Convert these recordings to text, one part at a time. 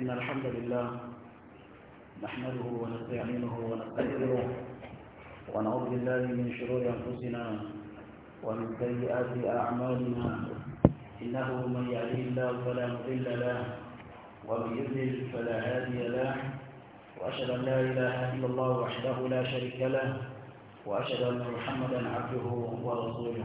إن الحمد لله نحمده ونستعينه ونستغفره ونعوذ بالله من شرور أنفسنا ومن سيئات أعمالنا إنه من يهده الله فلا مضل له ومن يضلل فلا هادي له وأشهد أن لا إله إلا الله وحده لا شريك له وأشهد أن محمدا عبده ورسوله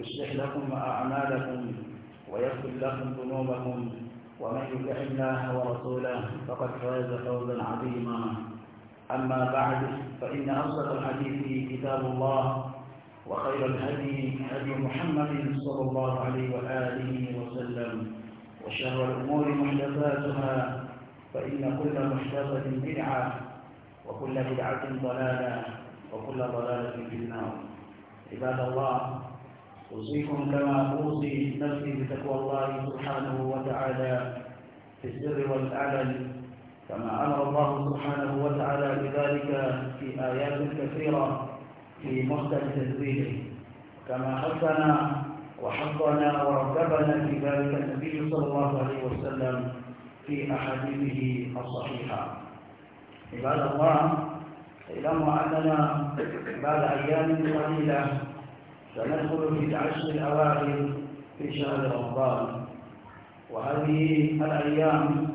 يصلح لكم أعمالكم ويغفر لكم ذنوبكم ومن يطع الله ورسوله فقد فاز فوزا عظيما أما بعد فإن أصدق الحديث كتاب الله وخير الهدي هدي محمد صلى الله عليه وآله وسلم وشر الأمور محدثاتها فإن كل محدثة بدعة وكل بدعة ضلالة وكل ضلالة في النار عباد الله أوصيكم كما أوصي نفسي بتقوى الله سبحانه وتعالى في السر والعلن كما أمر الله سبحانه وتعالى بذلك في آيات كثيرة في محكم تدبيره كما حثنا وحفظنا ورتبنا في ذلك النبي صلى الله عليه وسلم في أحاديثه الصحيحة عباد الله اعلموا أننا بعد أيام قليلة سندخل في العشر الأواخر في شهر رمضان وهذه الأيام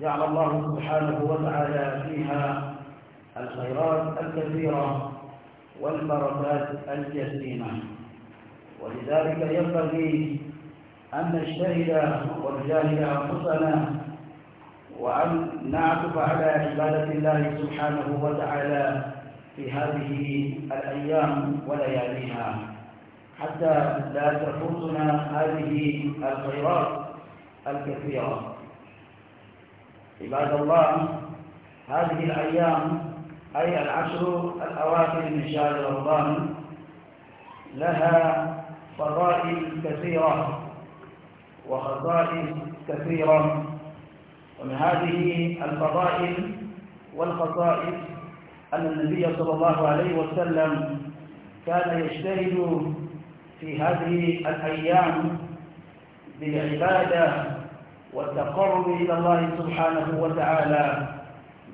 جعل الله سبحانه وتعالى فيها الخيرات الكثيرة والبركات الجسيمة ولذلك ينبغي أن نجتهد ونجاهد أنفسنا وأن نعطف على عبادة الله سبحانه وتعالى في هذه الأيام ولياليها حتى لا تفوتنا هذه الخيرات الكثيرة عباد الله هذه الأيام أي العشر الأواخر من شهر رمضان لها فضائل كثيرة وخصائص كثيرة ومن هذه الفضائل والخصائص أن النبي صلى الله عليه وسلم كان يجتهد في هذه الأيام بالعبادة والتقرب إلى الله سبحانه وتعالى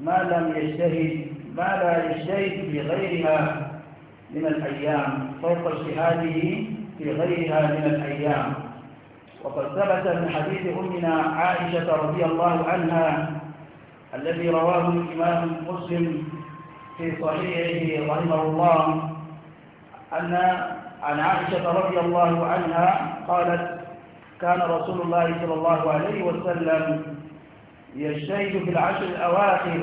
ما لم يجتهد ما لا يجتهد في غيرها من الأيام فوق اجتهاده في غيرها من الأيام وقد ثبت من حديث أمنا عائشة رضي الله عنها الذي رواه الإمام مسلم في صحيحه رحمه الله أن عن عائشة رضي الله عنها قالت كان رسول الله صلى الله عليه وسلم يجتهد في العشر الأواخر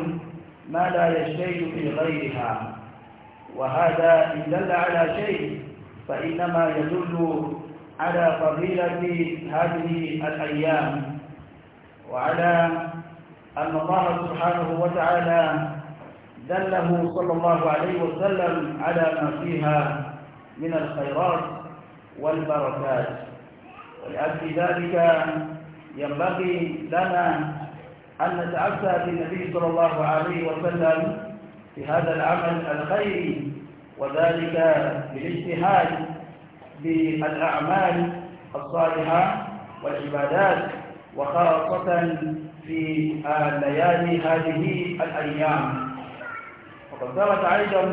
ما لا يجتهد في غيرها وهذا إن دل على شيء فإنما يدل على فضيلة هذه الأيام وعلى أن الله سبحانه وتعالى دله صلى الله عليه وسلم على ما فيها من الخيرات والبركات ولأجل ذلك ينبغي لنا أن نتعسى بالنبي صلى الله عليه وسلم في هذا العمل الخيري وذلك بالاجتهاد بالأعمال الصالحة والعبادات وخاصة في ليالي هذه الأيام وقد ثبت أيضا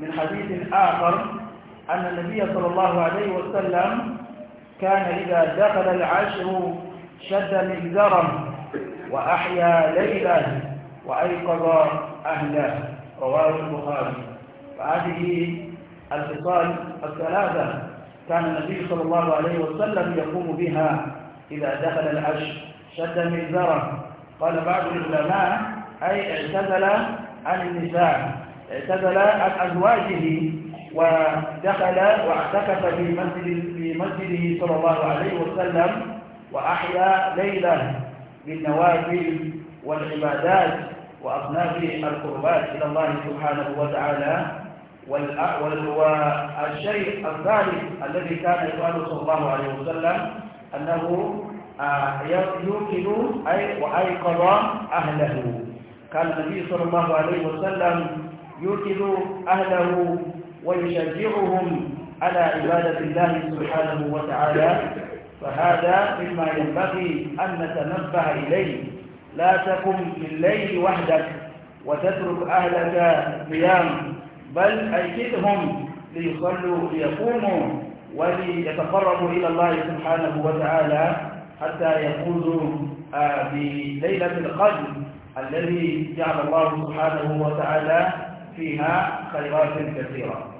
من حديث آخر أن النبي صلى الله عليه وسلم كان إذا دخل العشر شد من زرم وأحيا ليله وأيقظ أهله رواه البخاري فهذه الخصال الثلاثة كان النبي صلى الله عليه وسلم يقوم بها إذا دخل العشر شد من زرم قال بعض العلماء أي اعتزل عن النساء اعتزل عن أزواجه ودخل واعتكف في مسجد في مسجده صلى الله عليه وسلم وأحيا ليلا بالنوافل والعبادات وأصناف القربات إلى الله سبحانه وتعالى والشيء الثالث الذي كان يفعله صلى الله عليه وسلم أنه آه، يوكل أي وأيقظ أهله كان النبي صلى الله عليه وسلم يوكل أهله ويشجعهم على عبادة الله سبحانه وتعالى فهذا مما ينبغي أن نتنبه إليه لا تقم الليل وحدك وتترك أهلك قيام بل أيدهم ليصلوا ليقوموا وليتقربوا إلى الله سبحانه وتعالى حتى يفوزوا آه، بليلة القدر الذي جعل الله سبحانه وتعالى فيها خيرات كثيرة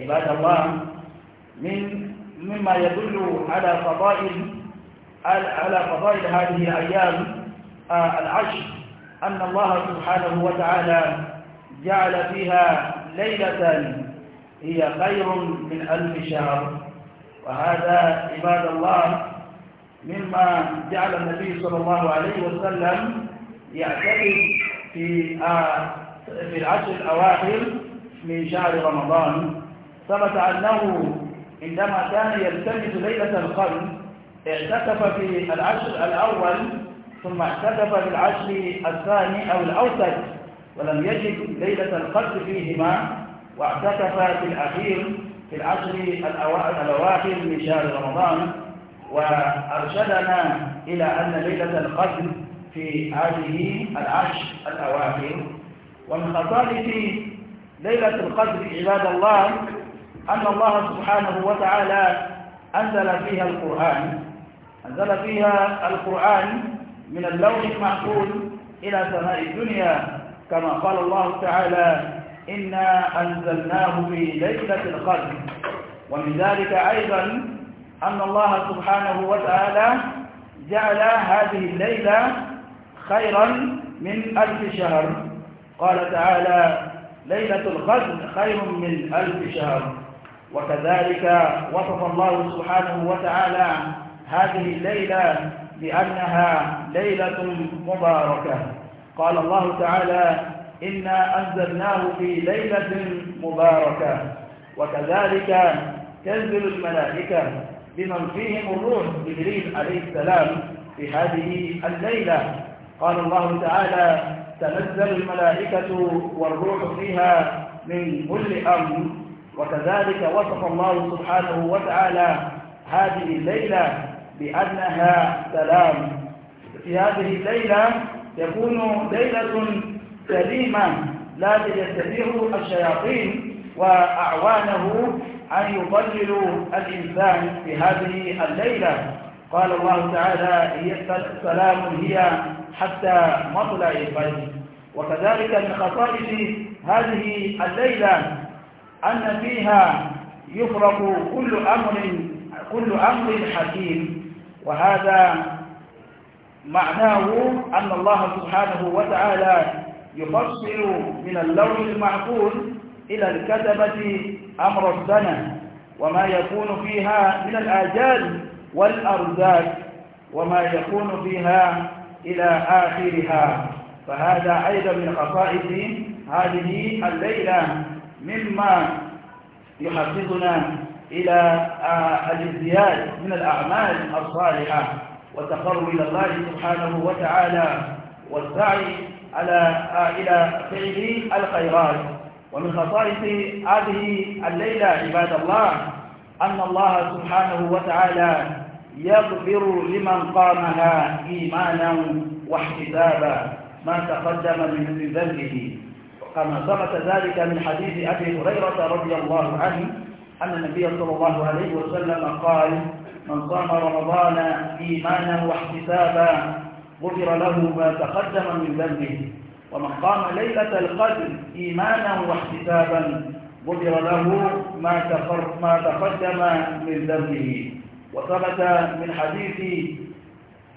عباد الله من مما يدل على فضائل على فضائل هذه الأيام آه، العشر أن الله سبحانه وتعالى جعل فيها ليلة هي خير من ألف شهر وهذا عباد الله مما جعل النبي صلى الله عليه وسلم يعتقد آه، في العشر الأواخر من شهر رمضان ثبت أنه عندما كان يلتمس ليلة القدر اعتكف في العشر الأول ثم اعتكف في العشر الثاني أو الأوسط ولم يجد ليلة القدر فيهما واعتكف في الأخير في العشر الأواخر من شهر رمضان وأرشدنا إلى أن ليلة القدر في هذه العشر الأواخر ومن خصائص ليلة القدر عباد الله أن الله سبحانه وتعالى أنزل فيها القرآن أنزل فيها القرآن من اللون المحفوظ إلى سماء الدنيا كما قال الله تعالى إنا أنزلناه في ليلة القدر ومن ذلك أيضا أن الله سبحانه وتعالى جعل هذه الليلة خيرا من ألف شهر قال تعالى ليلة القدر خير من ألف شهر وكذلك وصف الله سبحانه وتعالى هذه الليلة بأنها ليلة مباركة قال الله تعالى إنا أنزلناه في ليلة مباركة وكذلك تنزل الملائكة بمن فيهم الروح جبريل عليه السلام في هذه الليلة قال الله تعالى تنزل الملائكة والروح فيها من كل أمر وكذلك وصف الله سبحانه وتعالى هذه الليلة بأنها سلام في هذه الليلة تكون ليلة سليمة لا تجتبه الشياطين وأعوانه أن يضللوا الإنسان في هذه الليلة قال الله تعالى هي سلام هي حتى مطلع الفجر وكذلك من خصائص هذه الليلة أن فيها يفرق كل أمر كل أمر حكيم وهذا معناه أن الله سبحانه وتعالى يفصل من اللوح المعقول إلى الكتبة أمر السنة وما يكون فيها من الآجال والأرزاق وما يكون فيها إلى آخرها فهذا أيضا من خصائص هذه الليلة مما يحفزنا إلى آه، الازدياد من الأعمال الصالحة والتقرب إلى الله سبحانه وتعالى والسعي على آه، إلى فعل الخيرات ومن خصائص هذه الليلة عباد الله أن الله سبحانه وتعالى يغفر لمن قامها إيمانا واحتسابا ما تقدم من ذنبه كما ثبت ذلك من حديث أبي هريرة رضي الله عنه أن النبي صلى الله عليه وسلم قال من صام رمضان إيمانا واحتسابا غفر له ما تقدم من ذنبه ومن قام ليلة القدر إيمانا واحتسابا غفر له ما ما تقدم من ذنبه وثبت من حديث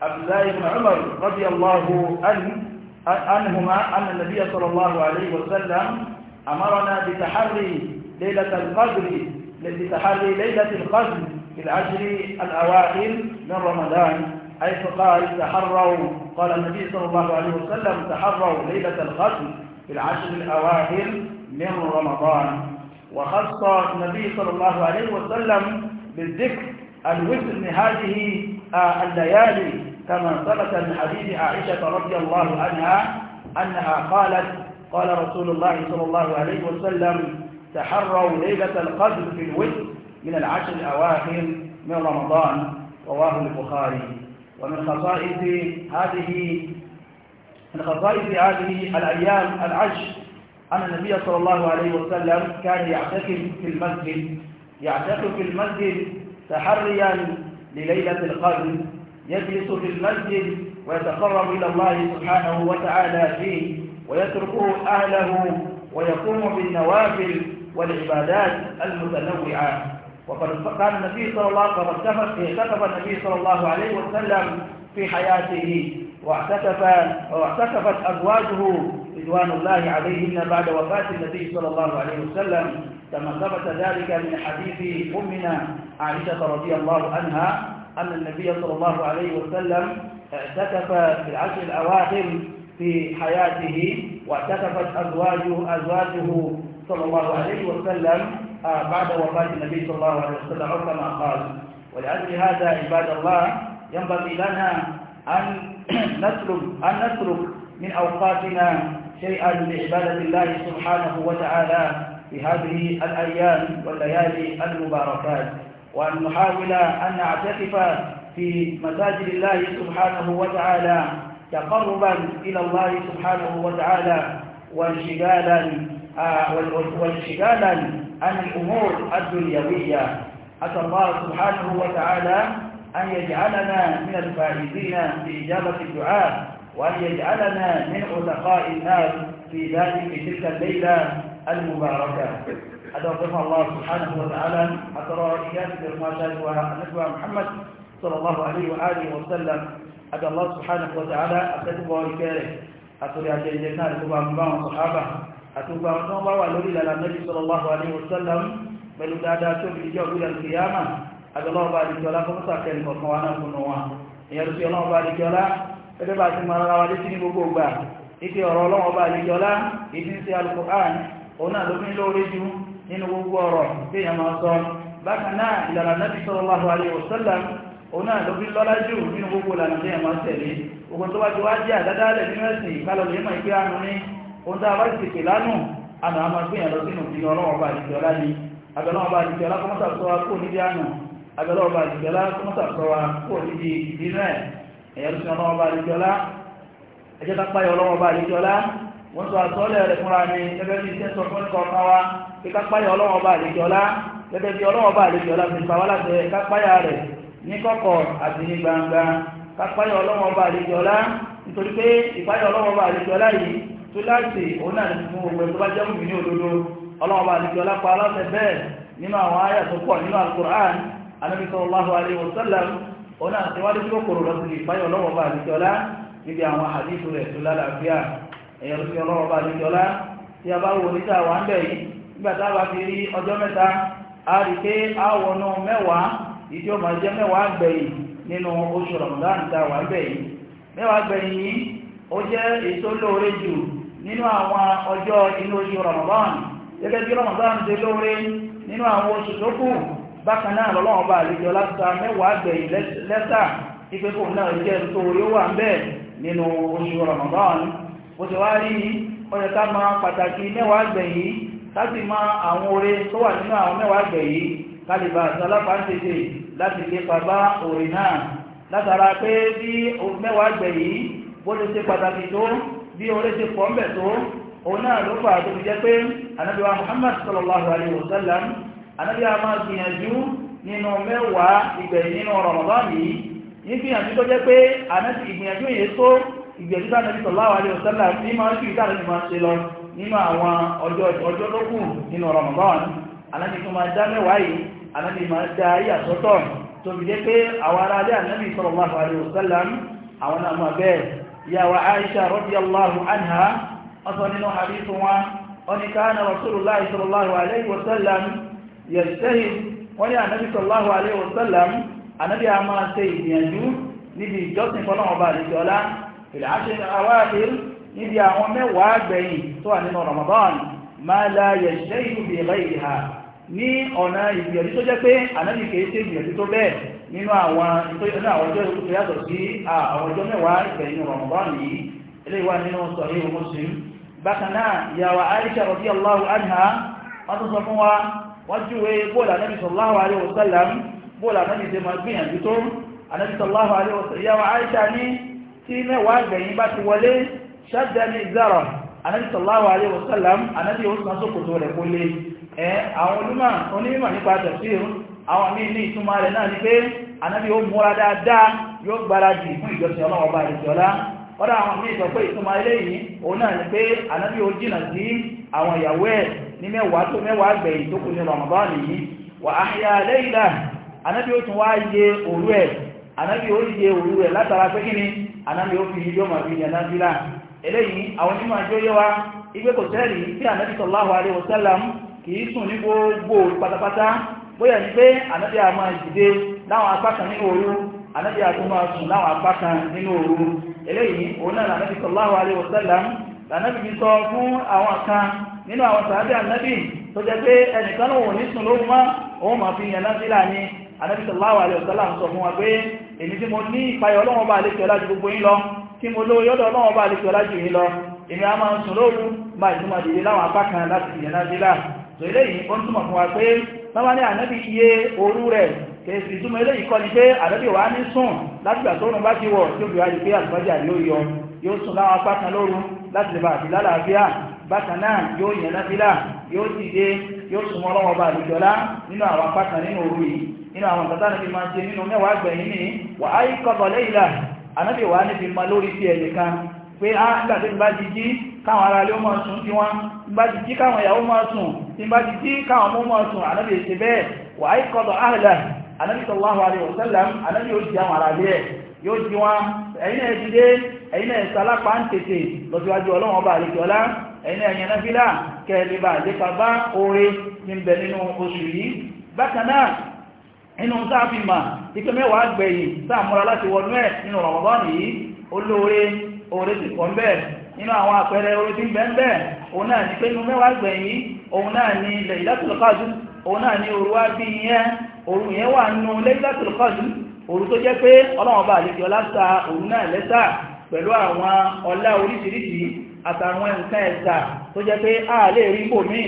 عبد الله بن عمر رضي الله عنه عنهما أن النبي صلى الله عليه وسلم أمرنا بتحري ليلة القدر بتحري ليلة القدر في العشر الأواخر من رمضان حيث قال تحروا قال النبي صلى الله عليه وسلم تحروا ليلة القدر في العشر الأواخر من رمضان وخص النبي صلى الله عليه وسلم بالذكر الوتر هذه آه، الليالي كما ثبت من حديث عائشة رضي الله عنها أنها قالت قال رسول الله صلى الله عليه وسلم تحروا ليلة القدر في الوتر من العشر الأواخر من رمضان رواه البخاري ومن خصائص هذه من خصائص هذه الأيام العشر أن النبي صلى الله عليه وسلم كان يعتكف في المسجد يعتكف في المسجد تحريا لليلة القدر يجلس في المسجد ويتقرب إلى الله سبحانه وتعالى فيه ويتركه أهله ويقوم بالنوافل والعبادات المتنوعة وقد قال النبي صلى الله عليه وسلم اعتكف النبي صلى الله عليه وسلم في حياته واعتكف واعتكفت أزواجه رضوان الله عليهن بعد وفاة النبي صلى الله عليه وسلم كما ثبت ذلك من حديث أمنا عائشة رضي الله عنها أن النبي صلى الله عليه وسلم اعتكف في العشر الأواخر في حياته واعتكفت أزواجه أزواجه صلى الله عليه وسلم آه، بعد وفاة النبي صلى الله عليه وسلم كما قال ولأجل هذا عباد الله ينبغي لنا أن نسلك أن نسلك من أوقاتنا شيئا لعبادة الله سبحانه وتعالى في هذه الأيام والليالي المباركات وأن نحاول أن نعتكف في مساجد الله سبحانه وتعالى تقربا إلى الله سبحانه وتعالى وانشغالا آه، وانشغالا عن الأمور الدنيوية أسأل الله سبحانه وتعالى أن يجعلنا من الفائزين بإجابة الدعاء وأن يجعلنا من عتقاء الناس في ذلك تلك الليلة المباركة أدوكم الله سبحانه وتعالى أترى إياك بالمشاهد ونجوى محمد صلى الله عليه وآله وسلم أدى الله سبحانه وتعالى أتتبه وركاره أترى جنجنا لكبه أمبان صحابة أتوبة ونوبة ولولي لنا النبي صلى الله عليه وسلم بل داداتهم إجاب إلى القيامة أدى الله بارك ولا فمساكين فقوانا كنوا يا رسول الله بارك ولا ẹgbẹ́ bá ti mara wa létí ní gbogbo ọgbà ike ọ̀rọ̀ ọlọ́wọ́ bá àlejò ọlá ìdí ń ṣe alukur'an òun náà ló fi ń lóore ju nínú gbogbo ọ̀rọ̀ téèyàn máa sọ bákan náà ìlànà nàbí sallallahu alaihi wasallam òun náà ló fi lọ́lá jù nínú gbogbo ìlànà téèyàn máa tẹ̀lé ogun tó bá ti wá jẹ́ àdádálẹ̀ nínú ẹ̀sìn ìkálọ̀ lè mọ̀ ìpé àánú ní ohun tá a bá ti pè lánù àmà àmà gbìyàn lọ sínú ìpínlẹ̀ ọlọ́wọ́ bá àdìsẹ̀ ọlá ni abẹ́lọ́wọ́ bá àdìsẹ̀ ọlá kọ́mọ́sà sọ wa kó níbi àánú abẹ́lọ́wọ́ wọ́n sọ àsọ́lẹ̀ rẹ̀ ni ẹgbẹ́ bí iṣẹ́ sọ fún ẹ̀kọ́ kíkápáyà ọlọ́wọ́n bá àlejọ́lá gẹ́gẹ́ bí ọlọ́wọ́n bá àlejọ́lá fi fa wá láti kápáyà rẹ̀ ní kọ̀kọ̀ àti ní gbangba kápáyà ọlọ́wọ́n bá àlejọ́lá nítorí pé ìpáyà ọlọ́wọ́n bá àlejọ́lá yìí tó láti òun náà fún gbogbo ẹgbẹ́ bá jẹ́ mú mi ní òdodo ọlọ́wọ́n bá àlejọ́lá pa aláṣẹ bẹ́ẹ̀ nínú àwọn àyà tó pọ̀ nínú alukur'an anabi sallallahu alayhi wa sallam òun náà ti wájú tó kòrò lọ sí ìpáyà ọlọ́wọ́n bá àlejọ́lá níbi àwọn àdìsù rẹ̀ tó lálàáfíà ẹ̀yọ́ sí ọlọ́wọ́n bá àlejọ́lá tí a bá wò níta wà ń bẹ̀ yìí nígbàtá bá fi rí ọjọ́ mẹ́ta a rí pé a wọnú mẹ́wàá ìjọ máa jẹ́ mẹ́wàá gbẹ̀yìn nínú oṣù ramadan tá wà gbẹ̀yìn mẹ́wàá gbẹ̀yìn yìí ó jẹ́ èso lóore jù nínú àwọn ọjọ́ inú oṣù ramadan gẹ́gẹ́ bí ramadan ṣe lóore nínú àwọn oṣù tó kù bákan náà lọ́lọ́wọ́ bá àlejò láta mẹ́wàá gbẹ̀yìn lẹ́tà ipe kò náà jẹ́ tó orí wà ń bẹ́ẹ̀ nínú oṣù ramadan bó ti wá rí ọjọ́ ká máa pàtàkì mẹ́wàá gbẹ̀yìn láti máa àwọn oore tó wà nínú àwọn mẹ́wàá àgbẹ̀ yìí kálíbà sálápá ń tètè láti lépa bá oore náà látara pé bí mẹ́wàá àgbẹ̀ yìí bó lè ṣe pàtàkì tó bí oore ṣe pọ̀ ń bẹ̀ tó òun náà ló fà tó fi jẹ́ pé anábíwá Muhammad sallallahu alayhi wa sallam anábíwá máa gbìyànjú nínú mẹ́wàá ìgbẹ̀yìn nínú Ramadan yìí ní gbìyànjú tó jẹ́ pé anábí ìgbìyànjú yìí tó ìgbìyànjú tó anábí nínú àwọn ọjọ́ tó kù nínú Ramadan alábi tó máa dá mẹ́wàá yìí alábi máa dá ayé àsọ́tọ̀ tó fi jẹ́ pé àwọn ará alẹ́ ànábì sallallahu alaihi wasallam àwọn náà máa bẹ́ẹ̀ ìyá wa Aisha radiyallahu anha ọsọ nínú hadith wọn wọn kana Rasulullahi sallallahu alaihi wasallam yajtahid wọ́n ní ànábì sallallahu alaihi wasallam ànábì a máa ṣe ìgbìyànjú níbi ìjọsìn fọ́lọ́wọ́ bá àdìsọ́lá ìlàáṣẹ́ àwáàdìr níbi àwọn mẹ́wàá gbẹ̀yìn tó wà nínú Ramadan ma la yashayyu bi ghayriha ní ọ̀nà ìgbìyànjú tó jẹ́ pé ànábì kìí ṣe ìgbìyànjú tó bẹ́ẹ̀ nínú àwọn ìtọ́jú àwọn ọjọ́ ìlú tó yàtọ̀ sí àwọn ọjọ́ mẹ́wàá ìgbẹ̀yìn Ramadan yìí eléyìí wà nínú Sahih Muslim bákan náà ìyàwó Aisha radiyallahu anha wọ́n tó sọ fún wa wọ́n júwe bóòlù ànábì sallallahu alaihi wasallam bóòlù ànábì ṣe máa gbìyànjú tó anabi sallallahu alayhi wa sallam anabi yóò san sókòtò rẹ̀ kó lé ẹ àwọn onímọ̀ onímọ̀ nípa tafsir àwọn míì ní ìtumọ̀ rẹ̀ náà ni pé anabi yóò múra dáadáa yóò gbáradì fún ìjọsìn ọlọ́wọ́ bá àdìjọ́lá ọ̀dá àwọn míì sọ pé ìtumọ̀ eléyìí òun náà ni pé anabi yóò jìnà sí àwọn ìyàwó ẹ̀ ní mẹ́wàá tó mẹ́wàá gbẹ̀yìn tó kù ní Ramadan eléyìí àwọn onímọ̀ àjọ yẹ wa igbe kò tẹ́rì tí ànábì sallallahu alaihi wasallam kìí sùn ní gbogbo pátápátá bóyá ní pé ànábì àmọ́ ìdìde láwọn apá kan nínú òru ànábì àtúmọ̀ sùn láwọn apá kan nínú òru eléyìí òun náà ànábì sallallahu alaihi wasallam lànábì fi sọ fún àwọn kan nínú àwọn sàábì ànábì tó jẹ́ pé ẹnìkan òun ní sùn lóhun mọ́ òun mọ̀ fi yàn náà ní ànábì sallallahu alaihi wasallam sọ fún wa pé èmi tí mo ní ìpayọ̀ ọlọ́wọ́ bá àlejò ọlá ju gbogbo yín lọ tí mo lówó yọ́dọ̀ ọlọ́wọ́ bá àdíkọ̀ lájú yìí lọ èmi a máa ń sùn lóòrù bá ìtumọ̀ dìde láwọn apá kan láti ìyẹnà sílá tó eléyìí ó ń túmọ̀ fún wa pé lọ́wọ́ ní ànábì iye òru rẹ̀ kèsì túnmọ̀ eléyìí kọ́ ni pé ànábì wà ní sùn látìgbà tó rùn bá ti wọ̀ tí ó bìí wá di pé àtúbájà yóò yọ yóò sùn láwọn apá kan lóòrù láti lè bá àti lálàáfíà bákan náà yóò yẹnà sílá anábì wà ní fi ma lórí sí ẹ̀yẹ̀ kan pé á ah, gbàtí bá ti jí káwọn ará lé ọmọ sùn tí wọ́n bá ti jí káwọn ìyàwó mọ́ sùn tí bá ti jí káwọn mọ́ sùn anábì ṣe bẹ́ẹ̀ wà á kọ́dọ̀ áhìlá anábì sallallahu alaihi wasallam anábì ó jí àwọn ará lé ẹ̀ yóò jí wọn ẹ̀yìn ẹ̀ dìde ẹ̀yìn ẹ̀ sálápá inú sáàfi ma ike mẹ́wàá gbẹ̀yìn sáàmúra láti wọnú ẹ̀ nínú Ramadan yìí olóore oore ti pọ̀ bẹ́ẹ̀ nínú àwọn àpẹẹrẹ oore ti ń bẹ́ẹ̀ bẹ́ẹ̀ òun náà ni pé inú mẹ́wàá gbẹ̀yìn òun náà ní Laylatul Qadr òun náà ní òru wá bí yẹn òru yẹn wà nínú Laylatul Qadr òru tó jẹ́ pẹ̀lú àwọn ọlá oríṣiríṣi àtàwọn nǹkan ẹ̀sà tó jẹ́ pé a lè rí bòmíì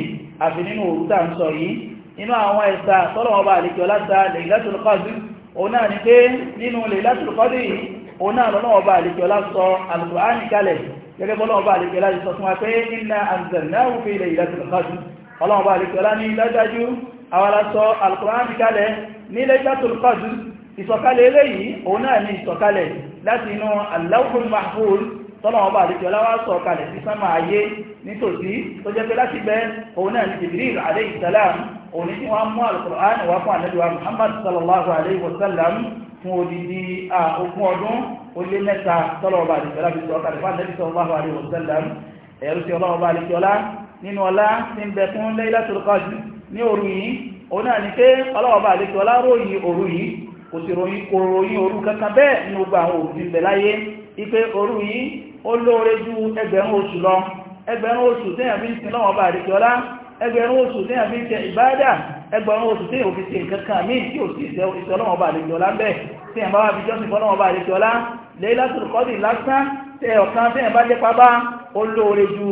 àfi nínú òru ń sọ yìí inú àwọn ẹ̀sà tọ́lọ̀ ọba àlejò láta Lailatul Qadr òun náà ni pé nínú Lailatul Qadr yìí òun náà lọ́nà ọba àlejò lásọ Al-Qur'ani kalẹ̀ gẹ́gẹ́ bọ́lọ̀ ọba àlejò láti sọ fún wa pé inna anzalnahu fi Lailatul Qadr ọlọ́wọ́ ọba àlejò lá ní dájájú àwọn alásọ Al-Qur'ani kalẹ̀ ní Lailatul Qadr ìsọ̀kalẹ̀ eléyìí òun náà ni ìsọ̀kalẹ̀ láti inú Al-Lawhul Mahfuz tọ́lọ̀wọ́ bá lè sọ kalẹ̀ sí sánmà ayé nítòsí tó jẹ́ pé láti bẹ́ òun náà ni Jibril alayhi salam òní tí wọ́n mú alukur'an wá fún àlejò muhammad sallallahu alayhi wa sallam fún odidi ogún ọdún ó lé mẹ́ta tọ́lọ̀ ọba àdìsọ́lá fi sọ ọ̀kadì fún àlejò sallallahu alayhi wa sallam ẹ̀rù sí ọlọ́run ọba àdìsọ́lá nínú ọlá tí ń bẹ fún laylatul qadr ní òru yìí òun náà ni ẹgbẹ̀rún oṣù tí a fi ń ṣe ìbádà ẹgbẹ̀rún oṣù tí yóò fi ṣe kankan míì tí ò sí ìṣẹ́ ọlọ́mọba àlejò ọlá ń bẹ̀ tí ẹ̀ bá wà fi jọ́sìn fọ́lọ́mọba àlejò ọlá Laylatul Qadr lásán tẹ ọ̀kan tí ẹ̀ bá jẹ́ pábá ó lóore ju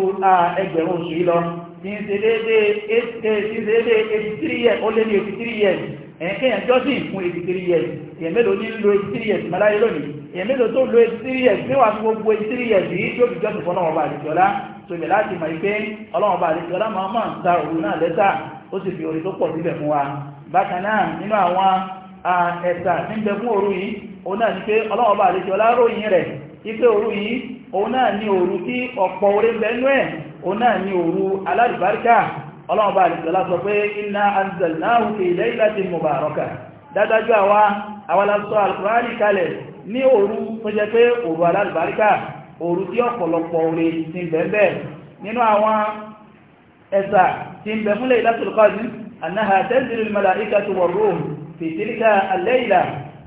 ẹgbẹ̀rún oṣù yìí lọ ní ṣe déédéé eh, eighty three years ó lé ní eighty three years ẹ̀kẹ́yàn jọ́sìn fún 83 years èyàn mélòó ní lo 83 years mẹ́láyé lónìí èyàn mélòó tó lo 83 years níwà fún gbogbo 83 years yìí tí ó fi jọ́sìn tòbẹ̀ láti mọ̀ ipé ọlọ́run bá àdéṣe ọlọ́mọ ọmọ ń ta òun náà lẹ́tà ó sì fi orí tó pọ̀ síbẹ̀ fún wa bákan náà nínú àwọn ẹ̀sà níbẹ̀ fún òru yìí òun náà ni pé ọlọ́run bá àdéṣe ọláròyìn rẹ̀ ipé òru yìí òun náà ni òru tí ọ̀pọ̀ orí bẹ́nú ẹ̀ òun náà ni òru alálùbáríkà ọlọ́run bá àdéṣe òru tí ọ̀pọ̀lọpọ̀ orí ti bẹ̀ẹ̀bẹ̀ nínú àwọn ẹ̀sà ti bẹ̀ múlẹ̀ ìlàtòlùkọ́sí annáha tẹ́sìrì mẹ́láíkà tó wọ̀rọ̀ fìtíríkà alẹ́ìlà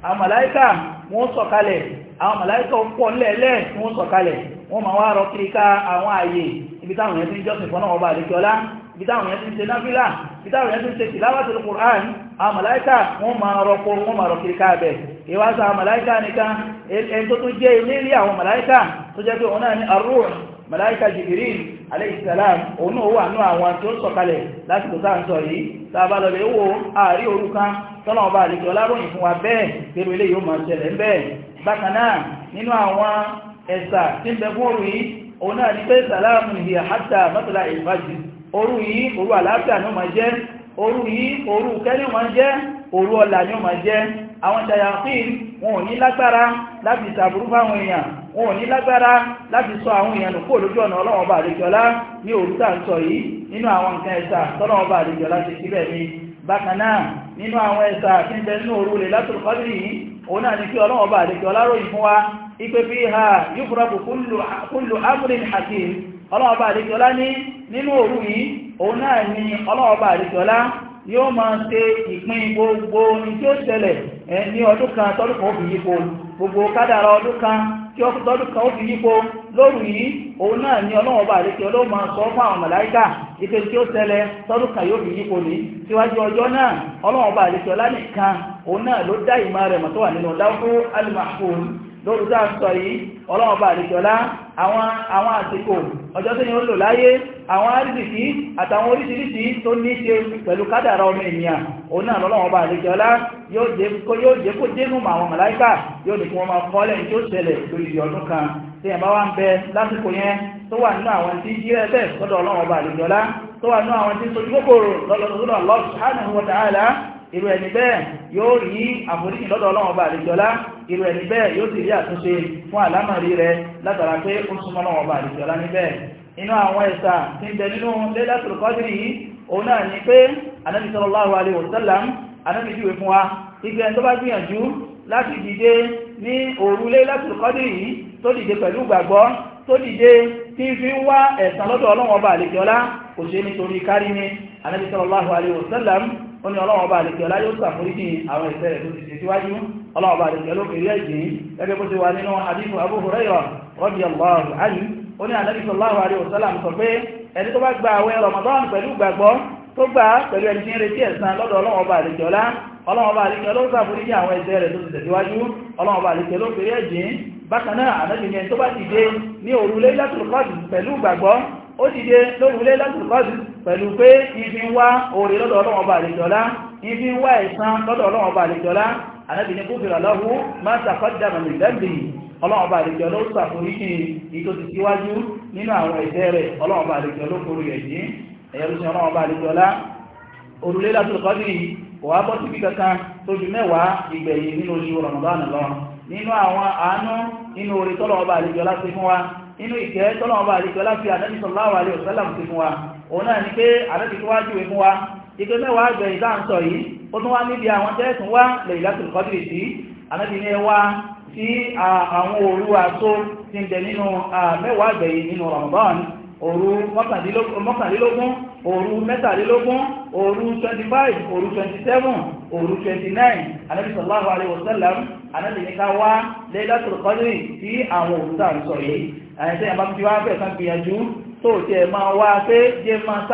àwọn mẹ́láíkà àwọn mẹ́láíkà wọ́n sọ̀kalẹ̀ ma ibi ìdáhùn yẹn ti ń ṣe náfílà ìdáhùn yẹn ti ń ṣe tìláwàtí Kùránì àwọn màláíkà wọ́n máa rọpò wọ́n máa rọkiri káàbẹ̀ ìwáṣà àwọn màláíkà nìkan ẹni tó tún jẹ́ ilé rí àwọn màláíkà tó jẹ́ pé òun náà ní Jibril alayhi salam òun náà wà nú àwọn tí ó sọ̀kalẹ̀ lásìkò tá à ń sọ yìí tá a bá lọ lè wo àárí òru kan tọ́nà ọba àlejò ọláròyìn fún wa bẹ́ẹ̀ pẹ̀lú ilé yóò ẹ̀sà tí ń bẹ fún òru yìí òun náà ní pé sàlámù nìyí hatta matla al òru yìí òru àlàáfíà ní ó máa jẹ́ òru yìí òru kẹ́ ní ó máa jẹ́ òru ọlà ní ó máa jẹ́ àwọn ṣàyàfíìn wọn ò ní lágbára láti ìsàbúrú fáwọn èèyàn wọn ò ní lágbára láti sọ àwọn èèyàn nùkú lójú ọ̀nà ọlọ́wọ́n bá àdéjọ́lá ní òrùta ń sọ yìí nínú àwọn nǹkan ẹ̀sà tọ́lọ́wọ́n bá àdéjọ́lá ti síbẹ̀ ni bákan náà nínú àwọn ẹ̀sà tí ń bẹ nínú òru lè látòrò kọ́dìrì yìí òun náà ni kí ọlọ́wọ́n bá àdéjọ́lá ròyìn fún wa ipe fi ha yúfúrọ́pù kúlù amúrin hakim ọlọ́ọ̀bá àríkọlá ní nínú òru yìí òun náà ni ọlọ́ọ̀bá àríkọlá yóò máa ṣe ìpín gbogbo ní tí ó ṣẹlẹ̀ ní ọdún kan tọ́dún kan ó fi yípo gbogbo kádàrà ọdún kan tí ó tọ́dún kan ó fi yípo lóru yìí òun náà ni ọlọ́ọ̀bá àríkọlá ó máa sọ fún àwọn màláíkà ìpè ní síwájú àríkọlá lórí tá a sọ yìí ọlọ́run bá àdìjọ́lá àwọn àwọn àsìkò ọjọ́ tí ni ó lò láyé àwọn àrísìkí àtàwọn oríṣiríṣi tó ní ṣe pẹ̀lú kádàrà ọmọ ènìyàn òun náà lọ́lọ́run bá àdìjọ́lá yóò jẹ́ kó dénú àwọn màláíkà yóò ní kí wọ́n máa kọ́lẹ̀ tí ó ṣẹlẹ̀ lórí ọdún kan tí ẹ̀bá wá ń bẹ lásìkò yẹn tó wà nínú àwọn tí jí ẹ̀bẹ̀ sọ́dọ̀ ọlọ́run ọba àdìjọ́lá tó wà nínú àwọn tí sojú ẹni bẹ́ẹ̀ yóò rí àforíjì lọ́dọ̀ ọlọ́run ọba àdìjọ́lá irú ẹni bẹ́ẹ̀ yóò sì rí àtúnṣe fún àlámàrí rẹ̀ látara pé ó súnmọ́ náà ọba àdìsọ́lá níbẹ̀ inú àwọn ẹ̀sà tí ń bẹ nínú Lailatul Qadr yìí òun náà ni pé Ànábì sallallahu alaihi fún wa ìgbẹ́ tó bá gbìyànjú láti dìde ní òru Lailatul Qadr yìí tó dìde pẹ̀lú gbàgbọ́ tó dìde tí fi ń wá ẹ̀san lọ́dọ̀ Ọlọ́hun ọba àlejòọlá kò ṣe nítorí kárí ni Ànábì sallallahu alaihi wasallam ó ní Ọlọ́hun ọba àlejòọlá الله بارك لك إليه يجب سوالنا حديث أبو هريرة رضي الله عنه هنا النبي صلى الله عليه وسلم صفيه ẹni tó bá gba àwẹ̀ Ramadan pẹ̀lú gbàgbọ́ tó gbà pẹ̀lú ẹni tí ń retí ẹ̀san lọ́dọ̀ Ọlọ́run Ọba àlejò ọlá Ọlọ́run Ọba àlejò ló sàfúrí ní àwọn ẹ̀ṣẹ̀ rẹ̀ tó ti tẹ̀síwájú Ọlọ́run Ọba àlejò ló fèrè ẹ̀jìn bákan náà àlejò yẹn tó bá ti dé ní òrùlé látòlùkọ́dù pẹ̀lú gbàgbọ́ ó ti dé lórùlé látòlùkọ́dù pẹ̀lú pé ibi ń wá òrè lọ́dọ̀ Ọlọ́run Ọba àlejò ọlá ibi ń wá anábì ní kófìrà lọ́wọ́ máa tàkọ́jà mọ̀mí lẹ́bì ọlọ́ọ̀bà àlejò ló sàforíkì ìtò ti síwájú nínú àwọn ẹ̀ṣẹ̀ rẹ̀ ọlọ́ọ̀bà àlejò ló forí rẹ̀ jí ẹ̀yẹ́rúsìn ọlọ́ọ̀bà àlejò ọlá òrùlé látòlùkọ́dì wà bọ́ síbí kankan tó ju mẹ́wàá ìgbẹ̀yìn nínú oṣù Ramadan lọ nínú àwọn àánú nínú orí tọ́lọ̀ọba àlejò láti fún wa nínú ìkẹ́ tọ́lọ̀ọba àlejò láti Ànábì sallallahu alaihi wasallam ti fún wa òun náà ni pé àdájọ́ wájú ìfún wa ìgbẹ́ mẹ́wàá ìgbẹ̀yìn dáńtọ̀ yìí ó tún wá níbi àwọn tẹ́ẹ̀tún wá Laylatul Qadr sí anábì ní ẹwà sí àwọn òru àtó ti ń bẹ nínú mẹ́wàá àgbẹ̀yìn nínú Ramadan òru mọ́kànlélógún òru mẹ́tàlélógún òru 25 òru 27 òru 29 anábì sallallahu alaihi wasallam anábì ní ká wá Laylatul Qadr sí àwọn òru tàà ń sọ yìí àyẹ̀sẹ́ àbáfíwá fẹ̀ kan gbìyànjú tó tẹ̀ máa wá pé jẹ́ máa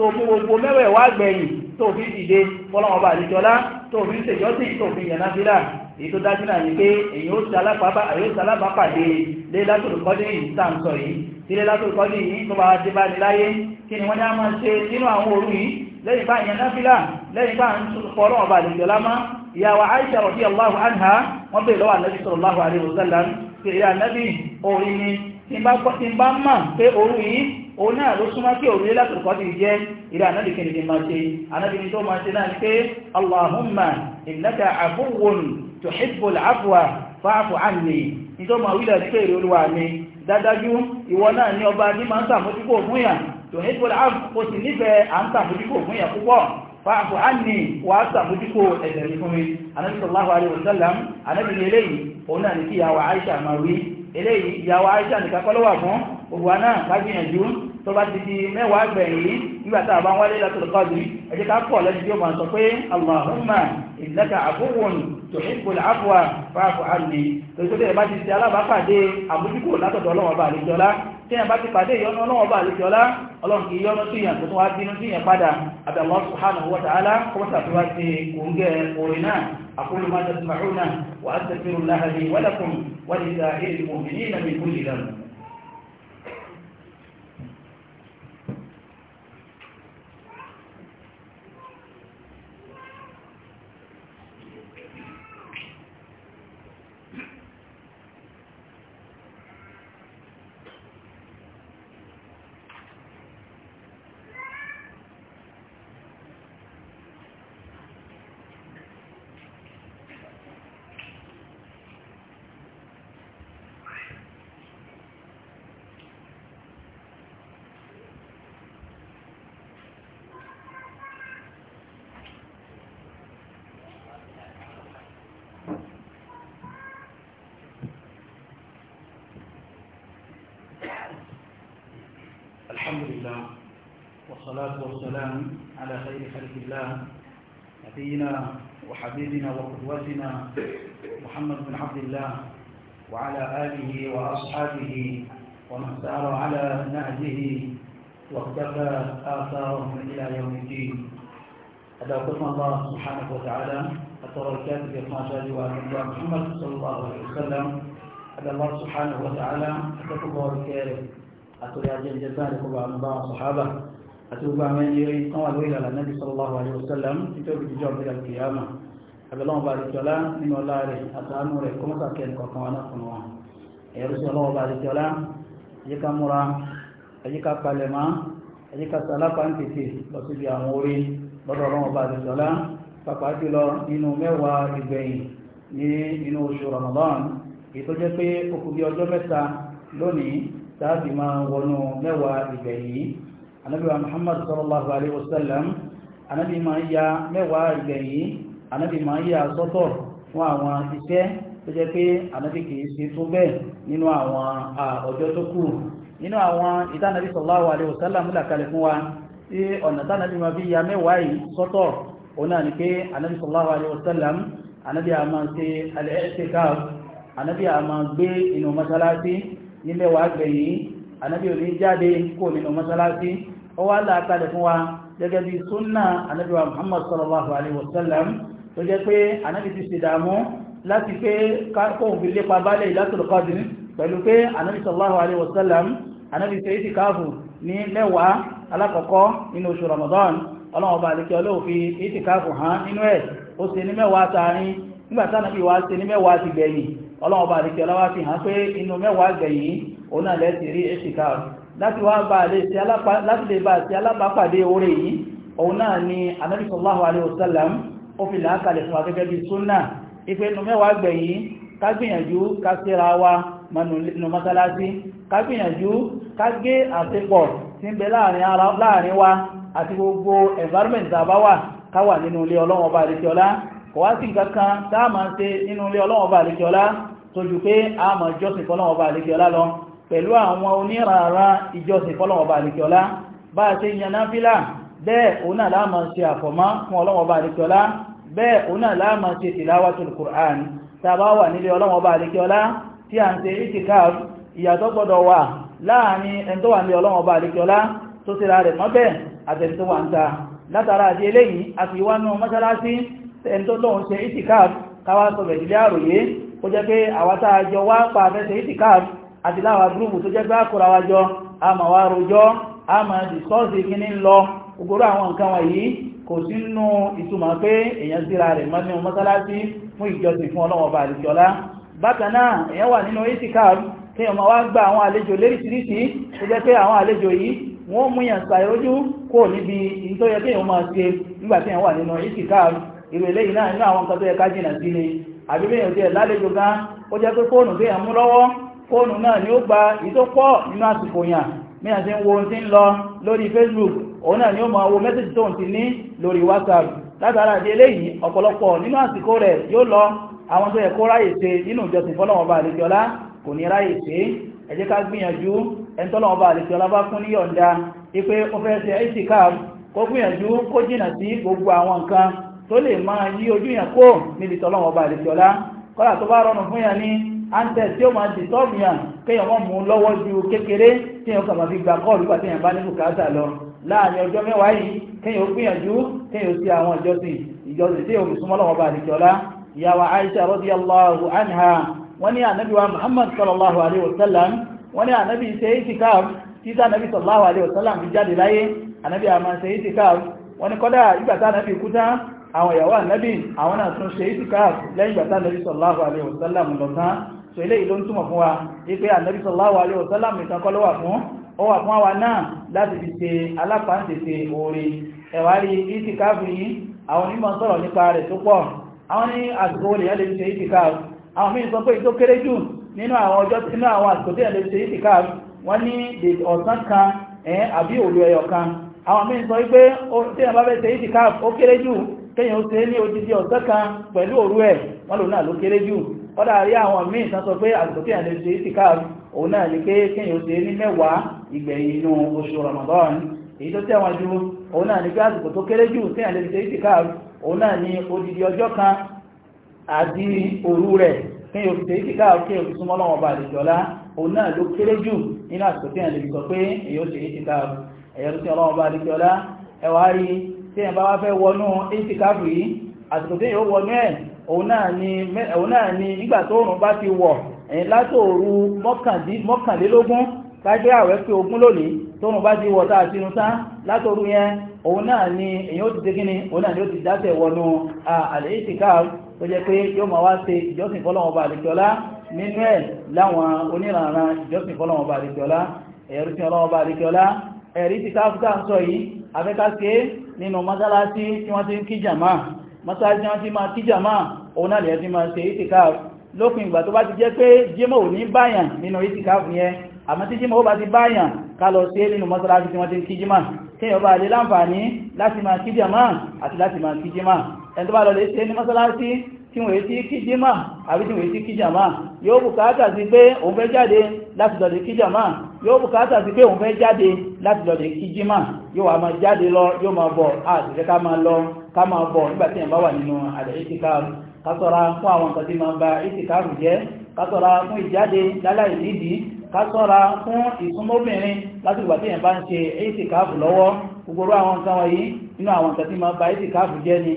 tó mú gbogbo mẹ́wẹ̀ẹ̀wá gbẹ̀yìn tó fi dìde fọ́lọ́mọba àdìjọlá tó fi ṣèjọ́sìn tó fi yànnà sílá èyí tó dájú náà ni pé èyí ó ṣalábàápàdé lé látòlù kọ́dé yìí sàǹsọ̀ yìí tí lé látòlù kọ́dé yìí tó bá dé bá ní láyé kí ni wọ́n ní a máa ṣe nínú àwọn òru yìí lẹ́yìn bá ìyẹn náfílà lẹ́yìn bá ń fọ́rọ̀ àdìjọlá má ìyàwó Aisha radiyallahu anha wọ́n bèèrè lọ́wọ́ ànábì sallallahu alaihi wasallam pé ìyá ànábì òru ni tí n bá mọ̀ pé òru yìí òun náà ló súnmọ́ kí òun nílá tòkọ́ ti jẹ́ ìrẹ́ ànábì kí nìkan máa ṣe ànábì ní tó máa ṣe náà ní pé allahumma innaka afuwun tuhibbul afwa fa'fu anni ní tó máa wílẹ̀ sí èrè olúwa mi dádájú ìwọ náà ní ọba ní máa ń sàmójúkò fún yà tuhibbul afwa sì nífẹ̀ẹ́ à ń sàmójúkò fún yà púpọ̀ fa'fu anni wà á ìyàwó Aisha nìkan kọ́ fún gbogbo náà kágbìyànjú tó bá ti di mẹ́wàá gbẹ̀yìn nígbà tá a bá ń wálé láti lọ́kọ́ àdúrí ẹ jẹ́ ká pọ̀ lẹ́yìn tí ó máa sọ pé Allahumma innaka afuwun tuhibbul afwa fa'fu anni torí pé bẹ́ẹ̀ bá ti ṣe alábàápàdé àbójúkò látọ̀dọ̀ ọlọ́wọ́ bá àlejò ọlá tí ẹ bá ti pàdé ìyọnu ọlọ́wọ́ bá àlejò ọlá ọlọ́run kì í yọnu sí ìyàn tó tún wá bínú sí ìyàn padà àbẹ̀ والسلام على خير خلق الله نبينا وحبيبنا وقدوتنا محمد بن عبد الله وعلى آله وأصحابه ومن سار على نهجه واقتفى آثارهم إلى يوم الدين هذا قسم الله سبحانه وتعالى التركات بإخراجات وأن محمد صلى الله عليه وسلم هذا الله سبحانه وتعالى أتكبر الكارم أتريد أن جزاكم الله صحابه àti gbogbo àwọn ẹni rí kan wà lórí ìlànà nàbí sallallahu alaihi wasallam títí òbí jíjọ ọ̀gbẹ́dà kìyàmà àbẹ̀lọ́wọ̀n bá àdìjọ́lá nínú ọlá rẹ̀ àtàánú rẹ̀ kọ́mọ́sà kẹ́ni kọ̀ọ̀kan wọn fún wọn ẹ̀rù sí ọlọ́wọ̀n bá àdìjọ́lá ẹ̀yíká múra ẹ̀yíká palẹ̀má ẹ̀yíká sálápá ń tètè lọ síbi àwọn orí lọ́dọ̀ ọlọ́wọ̀n bá anabi wa muhammad sallallahu alaihi wasallam anabi ma ya mẹ́wàá ìgbẹ̀yìn anabi ma ya sọ́tọ̀ fún àwọn iṣẹ́ tó jẹ́ pé anabi kìí ṣe tó bẹ́ẹ̀ nínú àwọn ọjọ́ tó kù nínú àwọn ìtànàbí sallallahu alaihi wasallam lákalẹ̀ fún wa tí ọ̀nà tánàbí ma fi ya mẹ́wàá yìí sọ́tọ̀ òun náà ni pé anabi sallallahu alaihi wasallam anabi a máa ṣe al-i'tikaf anabi a máa gbé inú mọ́ṣáláṣí ní mẹ́wàá gbẹ̀yìn ànábì ò ní jáde kó nínú mọ́sálásí ó wá láàkalẹ̀ fún wa gẹ́gẹ́ bí súnà ànábì wa muhammad sallallahu alaihi wasallam tó jẹ́ pé ànábì ti ṣèdààmú láti pé kóhùn fi lépa bálẹ̀ ìlàtòlù kọ́dín pẹ̀lú pé ànábì sallallahu alaihi wasallam ànábì ṣe é ti káàfù ní mẹ́wàá alákọ̀ọ́kọ́ nínú oṣù ramadan ọlọ́wọ́ bá lè kí ọlọ́òfin ìtìkáàfù hàn nínú ẹ̀ ó ṣe ní mẹ́wàá tààrin nígbàtánà bí wá ṣe ní mẹ́wàá ti gbẹ̀yìn ọlọ́wọ́ bá lè ọlọ́wọ́ fi hàn pé inú mẹ́wàá gbẹ̀yìn òun náà lẹ́ẹ̀tì rí ẹ̀ṣìká láti wá bá lè ṣe alábàápàdé orí yìí òun náà ni Ànábì sallallahu alaihi wasallam ó fi làákàlẹ̀ fún akẹ́kẹ́ bí súnà ipé inú mẹ́wàá gbẹ̀yìn ká gbìyànjú ká síra wa nù mọ́sálásí ká gbìyànjú ká gé àtẹ́pọ̀ tí ń bẹ láàrin wa àti gbogbo environment tàbá wà ká wà nínú ilé ọlọ́wọ́ bá àríkíọlá kò wá sí kankan tá tó ju pé a máa jọ́sìn fọ́lọ́wọ́ bá àríkíọlá lọ pẹ̀lú àwọn oníràrá ìjọsìn fọ́lọ́wọ̀bà àríkẹ́ọlá bá ṣe yanáfílà bẹ́ẹ̀ òun àlámà ṣe àfọ̀mọ́ fún ọlọ́wọ̀bà àríkẹ́ọlá bẹ́ẹ̀ òun àlámà ṣe tìláwàtul Qur'an tàbá wà nílé ọlọ́wọ̀bà àríkẹ́ọlá tí a ń ṣe itikaf ìyàtọ̀ gbọ́dọ̀ wà láàrin ẹni tó wà ní ọlọ́wọ̀bà àríkẹ́ọlá tó ṣe rárẹ̀ mọ́bẹ̀ àtẹni tó wà ń ta látara àti eléyìí a fi wá nú mọ́sálásí ẹni tó àti láwà gúrùmù tó jẹ́ pé àkùrà wa jọ a mà wá rojọ́ a mà dìsọ́ọ̀sì kíní lọ ògbóró àwọn nǹkan wọ̀nyí kò sí nínú ìtumọ̀ pé èèyàn síra rẹ̀ mọ́ nínú mọ́sálásí fún ìjọsìn fún ọlọ́wọ́ bá àdìjọlá bákan náà èèyàn wà nínú itikaf kí ọmọ wá gba àwọn àlejò léríṣiríṣi tó jẹ́ pé àwọn àlejò yìí wọ́n mú yàn sàìrójú kò níbi ìtọ́yẹ kí èèyàn máa ṣe nígbàtí ó jẹ́ pé fóònù tó yàn mú lọ́wọ́ fóònù náà ni ó gba ìtópọ̀ nínú àsìkò yàn mìíràn tí ń wo tí ń lọ lórí facebook òun náà ni ó máa wo mẹ́sẹ̀jì tóun ti ní lórí whatsapp látara di eléyìí ọ̀pọ̀lọpọ̀ nínú àsìkò rẹ̀ yóò lọ àwọn tó yẹ kó ráyè ṣe nínú ìjọsìn fọ́lọ́wọ́ba àlejọ́lá kò ní ráyè ṣe ẹ jẹ́ ká gbìyànjú ẹntọ́lọ́wọ́ba àlejọ́lá bá fún níyọ̀ǹda ipé ó fẹ́ ṣe itikaf kó gbìyànjú kó jìnà sí gbogbo àwọn nǹkan tó àlejọ́lá bá fún ní àǹtẹ̀ tí ó máa dì tọ́mìyàn kéèyàn wọ́n mú lọ́wọ́ ju kékeré tí èèyàn kàmà fi gbà kọ́ọ̀lù pàtí èèyàn bá ní bùkátà lọ láàrin ọjọ́ mẹ́wàá yìí kéèyàn gbìyànjú kéèyàn sí àwọn ìjọsìn ìjọsìn tí òun súnmọ́ lọ́wọ́ bá àdìjọ́lá ìyàwó Aisha radiyallahu anha wọ́n ní ànábì wa Muhammad sallallahu alayhi wa sallam wọ́n ní ànábì ṣe itikaf títà ànábì sallallahu alayhi wa sallam fi jáde láyé ànábì àmà ṣe itikaf wọ́n ní kọ́dà ìgbà tá ànábì kú tán àwọn ìyàwó ànábì àwọn náà itikaf lẹ́yìn ìgbà tá ànábì sallallahu alayhi wa sallam lọ so eléyìí ló ń túmọ̀ fún wa wípé ànábì sallallahu alaihi wasallam nìkan kọ́ ló wà fún ó wà fún àwa náà láti fi ṣe alápáǹtẹ̀sẹ̀ oore ẹ̀wà rí ìtìkáàfù yìí àwọn onímọ̀ sọ̀rọ̀ nípa rẹ̀ tó pọ̀ àwọn ní àsìkò olè yẹn lè fi ṣe ìtìkáàfù àwọn míì sọ pé tó kéré jù nínú àwọn ọjọ́ nínú àwọn àsìkò tí yẹn lè wọ́n lò náà ló kéré jù Ọ rí àwọn míì tán sọ pé àsìkò tí àlejò òun náà ni pé kéèyàn ó ṣe ní mẹ́wàá ìgbẹ̀yìn inú oṣù Ramadan èyí tó tẹ̀wọ̀n ju òun náà ní pé àsìkò tó kéré jù tí àlejò ìsìká òun náà ní odidi ọjọ́ kan àti òru rẹ̀ ó ṣe ó súnmọ́ lọ́wọ́ òun náà ló kéré jù nínú tí sọ pé èyí ó òun náà ni nígbà tó òrùn bá ti wọ̀ ẹ̀yìn látòru mọ́kànlélógún kágbé àwẹ̀ pé ogún lónìí tó òrùn bá ti wọ̀ tá àti inú tán látòru yẹn òun náà ni èyàn ó ti dé kíni òun náà ni ó ti dásẹ̀ wọnú àlèétìkáà tó jẹ́ pé yóò máa wá ṣe ìjọsìn fọ́lọ́wọ́n bá àlejòlá nínú ẹ̀ láwọn oníranran ìjọsìn fọ́lọ́wọ́n bá àlejòlá ẹ̀rù sí ọlọ́wọ́n bá àlejòlá ẹ̀rí ti káfíkà ń sọ yìí afẹ́ká ṣe nínú mọ́sálásí tí wọ́n ti ń kí jàmáà masáájú wọn ti máa kíjà máa òun náà lẹ́yìn ti máa ṣe itikaf lópin ìgbà tó bá ti jẹ́ pé jímọ̀ ò ní báyàn nínú itikaf yẹn àmọ́ tí jímọ̀ ó bá ti báyàn ká lọ sí nínú mọ́sálásí tí wọ́n ti ń kí jímọ̀ tí èèyàn bá lè láǹfààní láti máa kíjà máa àti láti máa kí jímọ̀ ẹni tó bá lọ lè ṣe ní mọ́sálásí tí wọ́n èsì kí jímọ̀ àbí tí wọ́n èsì kí jàmá yóò bùkátà sí pé òun fẹ́ jáde láti lọ lè kí jàmá yóò bùkátà sí pé òun fẹ́ jáde láti lọ lè kí jímọ̀ yóò wà máa jáde lọ yóò máa bọ̀ àti fẹ́ ká máa lọ kama máa bọ̀ nígbà tí yẹn bá wà nínú àlẹ́ ìtìkáàrù ká ṣọ́ra fún àwọn nǹkan tí máa ba ìtìkáàrù jẹ́ ká ṣọ́ra fún ìjáde láláì nídìí ká ṣọ́ra fún ìsúnmọ́bìnrin láti ìgbà tí yẹn bá ń ṣe ìtìkáàrù lọ́wọ́ gbogbo àwọn nǹkan wọ̀nyí nínú àwọn nǹkan tí máa ba ìtìkáàrù jẹ́ ni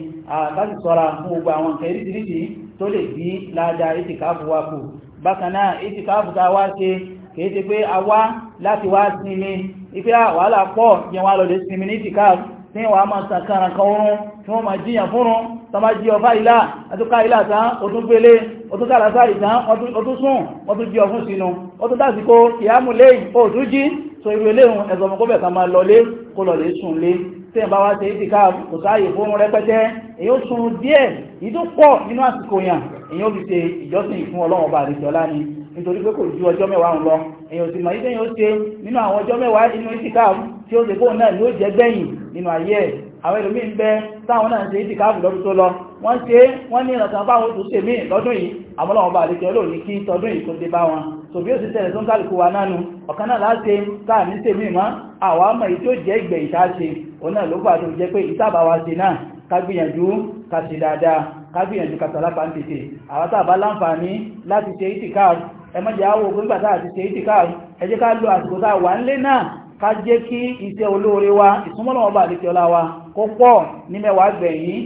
láti ṣọ́ra fún gbogbo àwọn nǹkan eréṣiríṣi tó lè bí ládàá ìtìkáàrù wa kù bákan náà ìtìkáàrù tá a wá ṣe kìí ṣe pé a wá láti wá sinmi ìfẹ́ wàhálà pọ̀ yẹn wá lọ lè sinmi ní ìtìkáàrù tí wọ́n máa sàkàrà kan oorun tí wọ́n máa jíyàn fúnrun tó máa jí ọfá ilá àtúká ilá tán ọdún gbélé ọdún kàràsáàrì tán ọdún sùn ọdún jí ọfún sínú ọdún tàbíkó kìámù lẹ́yìn òòdún jí so irú eléhùn ẹ̀sọ̀mọ̀kọ́bẹ̀ kan máa lọlé kó lọlé sùn lé tí ẹ̀ bá wá ṣe ìdíkà kò sáàyè fún rẹpẹtẹ èyí ó sun díẹ̀ ìdúpọ̀ nítorí pé kò ju ọjọ́ mẹ́wàá ń lọ èyàn sì mọ̀ yí sẹ́yìn ó ṣe nínú àwọn ọjọ́ mẹ́wàá inú ìtìkáàfù tí ó ṣe fóun náà ni ó jẹ́ gbẹ̀yìn nínú ayé ẹ̀ àwọn ẹlòmíín bẹ táwọn náà ń ṣe ìtìkáàfù lọ́dún tó lọ wọ́n ṣe wọ́n ní ìrànkan báwọn tó ṣe míì lọ́dún yìí àmọ́ làwọn bá àlejò lónìí kí tọdún yìí tó dé bá wọn tòbí ó sì tẹ̀lẹ̀ tó ń kálukú wa nánu ọ̀kan náà láti táà ní sèmí mọ́ àwọn àmọ̀ èyí tí ó jẹ́ ìgbẹ̀yìn tá ṣe òun náà ló gbà tó jẹ́ pé ìtàbà wa ṣe náà ká gbìyànjú ká ṣe dáadáa ká gbìyànjú ká tọ́lápá ń tètè àwọn tàbá láǹfààní láti ṣe ìtìkáàfù ẹmọ́jà àwọ̀ ògùn gbàtà àti ṣe ìtìká ẹ jẹ́ ká lo àsìkò tá a wà nílé náà ká jẹ́ kí iṣẹ́ olóore wa ìsúnmọ́lọ̀ ọba àti ọlá wa kó pọ̀ ní mẹ́wàá gbẹ̀yìn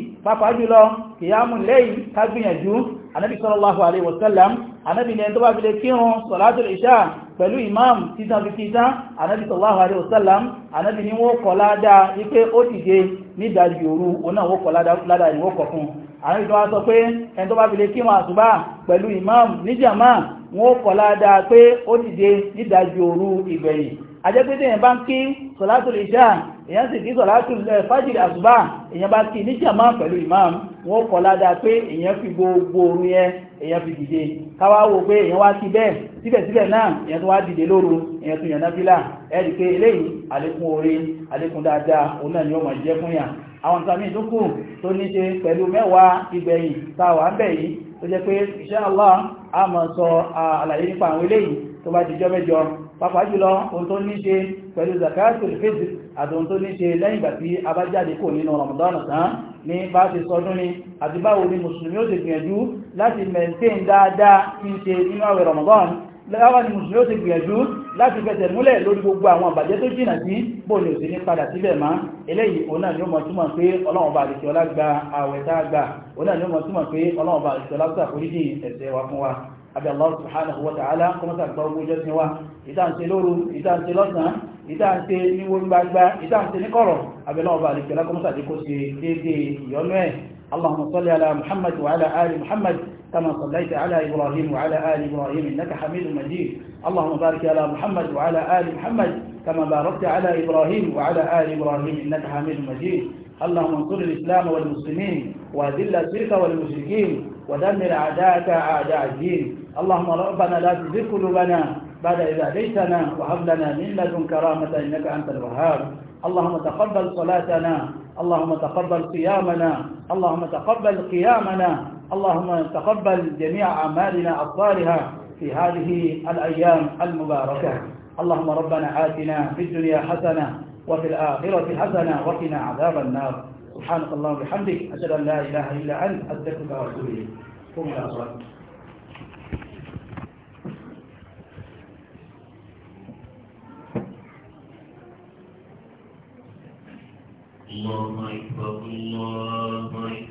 sallallahu alaihi wasallam anábì ní ẹni tó bá fi lè imam títàn fi títàn anábì sallallahu alaihi wasallam anábì ní wọ́n kọ̀ ládàá nídàájú òru òun náà wọ́pọ̀ ládàá ni wọ́pọ̀ fún àwọn ìjọba sọ pé ẹni tó bá fi lè kí wọn àsùbá pẹ̀lú imam níjàmá wọ́n kọ̀ ládàá pé ó dìde nídàájú òru ìgbẹ̀yìn àjẹ́gbẹ́dẹ́ èyàn bá ń kí sọ̀látù ìṣá èyàn sì kí sọ̀látù fájìlì àsùbá èyàn bá kí ní jàmá pẹ̀lú imam wọ́n kọ̀ ládàá pé èyàn fi gbogbo orin ẹ èyàn fi dìde káwá wo pé èyàn wá kí bẹ́ẹ̀ síbẹ̀síbẹ̀ náà èyàn tó wá dìde lóru èyàn tó yàn náfìlà ẹ̀rí pé eléyìí àlékún orin àlékún dáadáa òun náà ni ó mọ̀ jẹ́ fún yàn àwọn nǹkan míì tó tó ní ṣe pẹ̀lú mẹ́wàá ìgbẹ̀yìn táwà ń bẹ̀ yìí tó jẹ́ pé insha Allah a máa sọ àlàyé nípa àwọn eléyìí tó bá dijọ́ mẹ́jọ pàápàá jùlọ ohun tó ní ṣe pẹ̀lú zakatul fitr àti ohun tó ní ṣe lẹ́yìn ìgbà tí a bá jáde kò nínú Ramadan tán ní bá ti sọdún ni àti báwo ni mùsùlùmí ó ti gbìyànjú láti maintain dáadáa kí ṣe nínú àwẹ̀ Ramadan láwọn ni mùsùlùmí ó ti gbìyànjú láti fẹsẹ̀ múlẹ̀ lórí gbogbo àwọn àbàjẹ́ tó jìnà sí bóòlù òsì ní padà síbẹ̀ má eléyìí òun náà ni ó mọ̀ túmọ̀ pé ọlọ́run bá àdìsí ọlá gba àwẹ̀ tá a gbà òun náà ni ó mọ̀ túmọ̀ pé ọlọ́run bá àdìsí ọlá gbà oríṣi àbí Allah subhanahu wa ta'ala kọmọ́sà gbọ́ ogún jẹ́ sí wa ìtàǹtẹ lóru ìtàǹtẹ lọ́sàn ìtàǹtẹ ní wọ́ngbàgbà ìtàǹtẹ ní kọ̀rọ̀ àbí náà bá àlejò lákọmọ́sà dé kó ṣe déédéé ìyọ́nú ẹ̀ اللهم صل على محمد وعلى آل محمد كما صليت على إبراهيم وعلى آل إبراهيم إنك حميد مجيد اللهم بارك على محمد وعلى آل محمد كما باركت على إبراهيم وعلى آل إبراهيم إنك حميد مجيد اللهم انصر الإسلام والمسلمين وأذل الشرك والمشركين ودمر أعداءك أعداء الدين اللهم ربنا لا تزغ قلوبنا بعد إذا هديتنا وهب لنا من لدنك رحمة إنك أنت الوهاب اللهم تقبل صلاتنا اللهم تقبل قيامنا اللهم تقبل قيامنا اللهم تقبل جميع أعمالنا الصالحة في هذه الأيام المباركة اللهم ربنا آتنا في الدنيا حسنة وفي الآخرة حسنة وقنا عذاب النار سبحانك اللهم وبحمدك أشهد أن لا إله إلا أنت أستغفرك وأتوب إليك قم يا صلاتك الله أكبر الله أكبر